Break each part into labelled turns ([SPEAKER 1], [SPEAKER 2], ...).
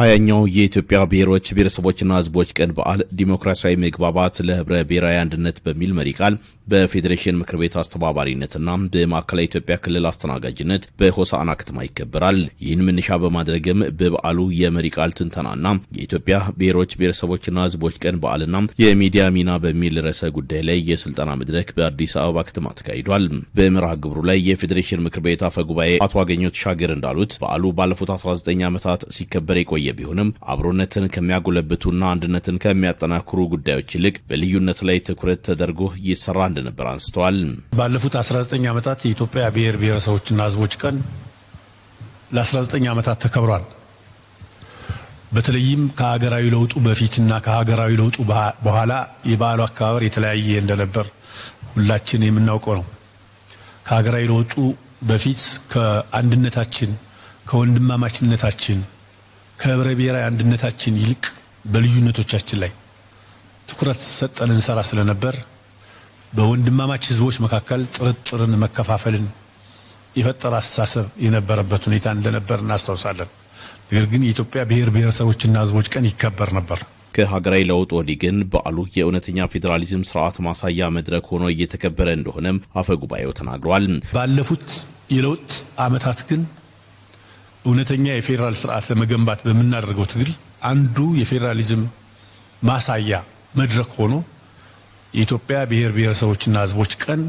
[SPEAKER 1] ሀያኛው የኢትዮጵያ ብሔሮች ብሔረሰቦችና ህዝቦች ቀን በዓል ዲሞክራሲያዊ መግባባት ለህብረ ብሔራዊ አንድነት በሚል መሪ ቃል በፌዴሬሽን ምክር ቤት አስተባባሪነትና በማዕከላዊ ኢትዮጵያ ክልል አስተናጋጅነት በሆሳና ከተማ ይከበራል። ይህን መነሻ በማድረግም በበዓሉ የመሪ ቃል ትንተናና የኢትዮጵያ ብሔሮች ብሔረሰቦችና ሕዝቦች ቀን በዓልና የሚዲያ ሚና በሚል ርዕሰ ጉዳይ ላይ የስልጠና መድረክ በአዲስ አበባ ከተማ ተካሂዷል። በመርሃ ግብሩ ላይ የፌዴሬሽን ምክር ቤት አፈ ጉባኤ አቶ አገኘሁ ተሻገር እንዳሉት በዓሉ ባለፉት 19 ዓመታት ሲከበር የቆየ ቢሆንም አብሮነትን ከሚያጎለብቱና አንድነትን ከሚያጠናክሩ ጉዳዮች ይልቅ በልዩነት ላይ ትኩረት ተደርጎ ይሰራ እንደ እንደነበር አንስተዋል።
[SPEAKER 2] ባለፉት 19 ዓመታት የኢትዮጵያ ብሔር ብሔረሰቦችና ህዝቦች ቀን ለ19 ዓመታት ተከብሯል። በተለይም ከሀገራዊ ለውጡ በፊትና ከሀገራዊ ለውጡ በኋላ የበዓሉ አከባበር የተለያየ እንደነበር ሁላችን የምናውቀው ነው። ከሀገራዊ ለውጡ በፊት ከአንድነታችን ከወንድማማችነታችን ከህብረ ብሔራዊ አንድነታችን ይልቅ በልዩነቶቻችን ላይ ትኩረት ሰጠን እንሰራ ስለነበር በወንድማማች ህዝቦች መካከል ጥርጥርን፣ መከፋፈልን የፈጠረ አስተሳሰብ የነበረበት ሁኔታ እንደነበር እናስታውሳለን። ነገር ግን የኢትዮጵያ ብሔር ብሔረሰቦችና ህዝቦች ቀን ይከበር ነበር።
[SPEAKER 1] ከሀገራዊ ለውጥ ወዲህ ግን በዓሉ የእውነተኛ ፌዴራሊዝም ስርዓት ማሳያ መድረክ ሆኖ እየተከበረ እንደሆነም አፈ ጉባኤው ተናግሯል።
[SPEAKER 2] ባለፉት የለውጥ አመታት ግን እውነተኛ የፌዴራል ስርዓት ለመገንባት በምናደርገው ትግል አንዱ የፌዴራሊዝም ማሳያ መድረክ ሆኖ የኢትዮጵያ ብሔር ብሔረሰቦችና ህዝቦች ቀን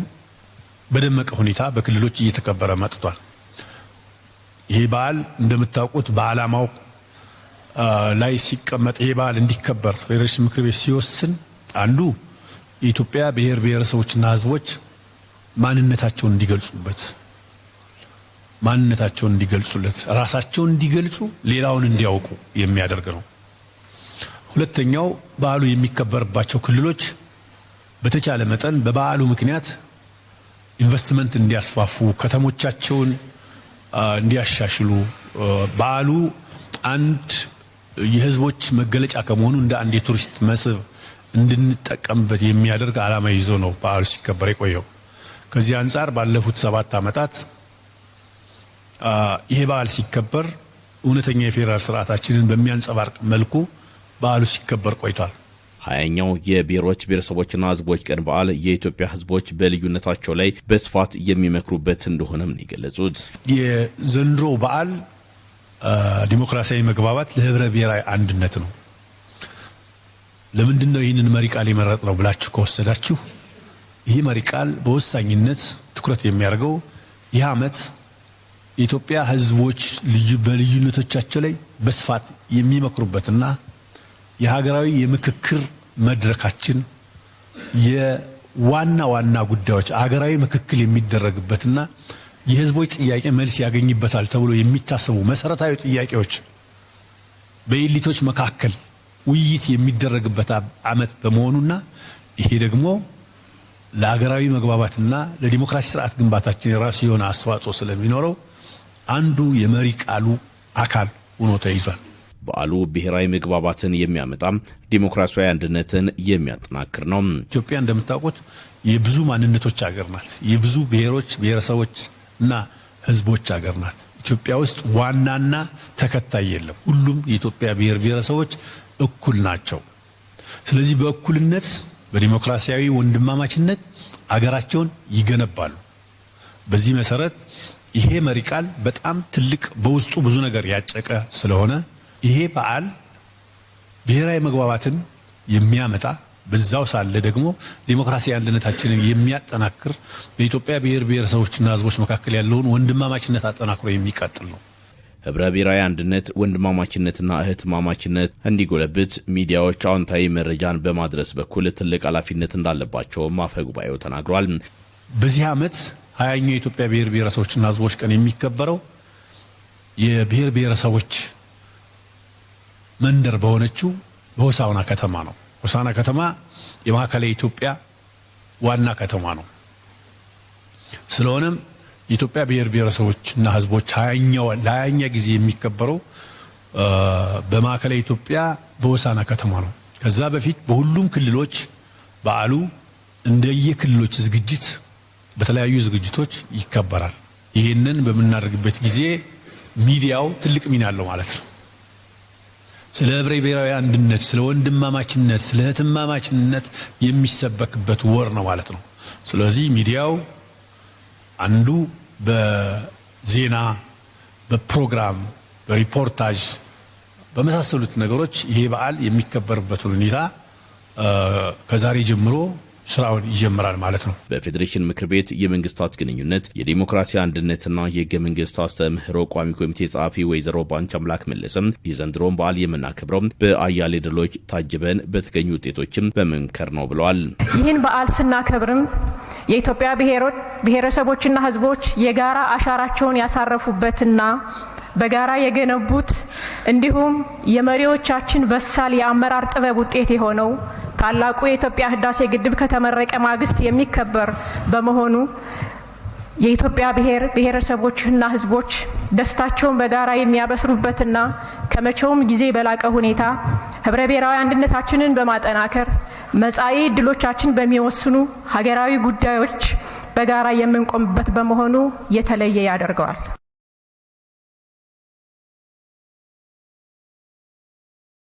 [SPEAKER 2] በደመቀ ሁኔታ በክልሎች እየተከበረ መጥቷል። ይህ በዓል እንደምታውቁት በዓላማው ላይ ሲቀመጥ ይህ በዓል እንዲከበር ፌዴሬሽን ምክር ቤት ሲወስን አንዱ የኢትዮጵያ ብሔር ብሔረሰቦችና ህዝቦች ማንነታቸውን እንዲገልጹበት ማንነታቸውን እንዲገልጹለት ራሳቸውን እንዲገልጹ ሌላውን እንዲያውቁ የሚያደርግ ነው። ሁለተኛው በዓሉ የሚከበርባቸው ክልሎች በተቻለ መጠን በበዓሉ ምክንያት ኢንቨስትመንት እንዲያስፋፉ ከተሞቻቸውን እንዲያሻሽሉ በዓሉ አንድ የህዝቦች መገለጫ ከመሆኑ እንደ አንድ የቱሪስት መስህብ እንድንጠቀምበት የሚያደርግ ዓላማ ይዞ ነው በዓሉ ሲከበር የቆየው። ከዚህ አንጻር ባለፉት ሰባት ዓመታት ይሄ በዓል ሲከበር እውነተኛ የፌዴራል ስርዓታችንን በሚያንጸባርቅ መልኩ በዓሉ ሲከበር ቆይቷል።
[SPEAKER 1] ሀያኛው የብሔሮች ብሔረሰቦችና ህዝቦች ቀን በዓል የኢትዮጵያ ህዝቦች በልዩነታቸው ላይ በስፋት የሚመክሩበት እንደሆነም ነው የገለጹት።
[SPEAKER 2] የዘንድሮ በዓል ዲሞክራሲያዊ መግባባት ለህብረ ብሔራዊ አንድነት ነው። ለምንድን ነው ይህንን መሪ ቃል የመረጥ ነው ብላችሁ ከወሰዳችሁ ይህ መሪ ቃል በወሳኝነት ትኩረት የሚያደርገው ይህ ዓመት የኢትዮጵያ ህዝቦች በልዩነቶቻቸው ላይ በስፋት የሚመክሩበትና የሀገራዊ የምክክር መድረካችን የዋና ዋና ጉዳዮች ሀገራዊ ምክክል የሚደረግበትና የህዝቦች ጥያቄ መልስ ያገኝበታል ተብሎ የሚታሰቡ መሰረታዊ ጥያቄዎች በኤሊቶች መካከል ውይይት የሚደረግበት አመት በመሆኑና ይሄ ደግሞ ለሀገራዊ መግባባትና ለዲሞክራሲ ስርዓት ግንባታችን የራሱ የሆነ አስተዋጽኦ ስለሚኖረው አንዱ የመሪ ቃሉ አካል ሆኖ ተይዟል።
[SPEAKER 1] በዓሉ ብሔራዊ መግባባትን የሚያመጣ ዲሞክራሲያዊ አንድነትን የሚያጠናክር ነው።
[SPEAKER 2] ኢትዮጵያ እንደምታውቁት የብዙ ማንነቶች ሀገር ናት። የብዙ ብሔሮች ብሔረሰቦች እና ህዝቦች ሀገር ናት። ኢትዮጵያ ውስጥ ዋናና ተከታይ የለም። ሁሉም የኢትዮጵያ ብሔር ብሔረሰቦች እኩል ናቸው። ስለዚህ በእኩልነት በዲሞክራሲያዊ ወንድማማችነት አገራቸውን ይገነባሉ። በዚህ መሰረት ይሄ መሪ ቃል በጣም ትልቅ በውስጡ ብዙ ነገር ያጨቀ ስለሆነ ይሄ በዓል ብሔራዊ መግባባትን የሚያመጣ በዛው ሳለ ደግሞ ዲሞክራሲ አንድነታችንን የሚያጠናክር በኢትዮጵያ ብሔር ብሔረሰቦችና ህዝቦች መካከል ያለውን ወንድማማችነት አጠናክሮ የሚቀጥል ነው።
[SPEAKER 1] ህብረ ብሔራዊ አንድነት፣ ወንድማማችነትና እህትማማችነት እንዲጎለብት ሚዲያዎች አዎንታዊ መረጃን በማድረስ በኩል ትልቅ ኃላፊነት እንዳለባቸውም አፈ ጉባኤው ተናግሯል።
[SPEAKER 2] በዚህ ዓመት ሀያኛው የኢትዮጵያ ብሔር ብሔረሰቦችና ህዝቦች ቀን የሚከበረው የብሔር ብሔረሰቦች መንደር በሆነችው በሆሳውና ከተማ ነው። ሆሳና ከተማ የማዕከላዊ ኢትዮጵያ ዋና ከተማ ነው። ስለሆነም የኢትዮጵያ ብሔር ብሔረሰቦችና ሕዝቦች ለሀያኛ ጊዜ የሚከበረው በማዕከላዊ ኢትዮጵያ በሆሳና ከተማ ነው። ከዛ በፊት በሁሉም ክልሎች በዓሉ እንደየክልሎች ዝግጅት በተለያዩ ዝግጅቶች ይከበራል። ይህንን በምናደርግበት ጊዜ ሚዲያው ትልቅ ሚና አለው ማለት ነው። ስለ ህብረ ብሔራዊ አንድነት፣ ስለ ወንድማማችነት፣ ስለ እህትማማችነት የሚሰበክበት ወር ነው ማለት ነው። ስለዚህ ሚዲያው አንዱ በዜና በፕሮግራም በሪፖርታጅ በመሳሰሉት ነገሮች ይሄ በዓል የሚከበርበትን ሁኔታ ከዛሬ ጀምሮ ስራውን ይጀምራል ማለት ነው።
[SPEAKER 1] በፌዴሬሽን ምክር ቤት የመንግስታት ግንኙነት የዲሞክራሲ አንድነትና የህገ መንግስት አስተምህሮ ቋሚ ኮሚቴ ጸሐፊ ወይዘሮ ባንች አምላክ መለስም የዘንድሮን በዓል የምናከብረው በአያሌ ድሎች ታጅበን በተገኙ ውጤቶችም በመምከር ነው ብለዋል።
[SPEAKER 3] ይህን በዓል ስናከብርም የኢትዮጵያ ብሔረሰቦችና ህዝቦች የጋራ አሻራቸውን ያሳረፉበትና በጋራ የገነቡት እንዲሁም የመሪዎቻችን በሳል የአመራር ጥበብ ውጤት የሆነው ታላቁ የኢትዮጵያ ህዳሴ ግድብ ከተመረቀ ማግስት የሚከበር በመሆኑ የኢትዮጵያ ብሔር ብሔረሰቦችና ህዝቦች ደስታቸውን በጋራ የሚያበስሩበትና ከመቼውም ጊዜ በላቀ ሁኔታ ህብረ ብሔራዊ አንድነታችንን በማጠናከር መጻኢ እድሎቻችን በሚወስኑ ሀገራዊ ጉዳዮች በጋራ የምንቆምበት በመሆኑ የተለየ ያደርገዋል።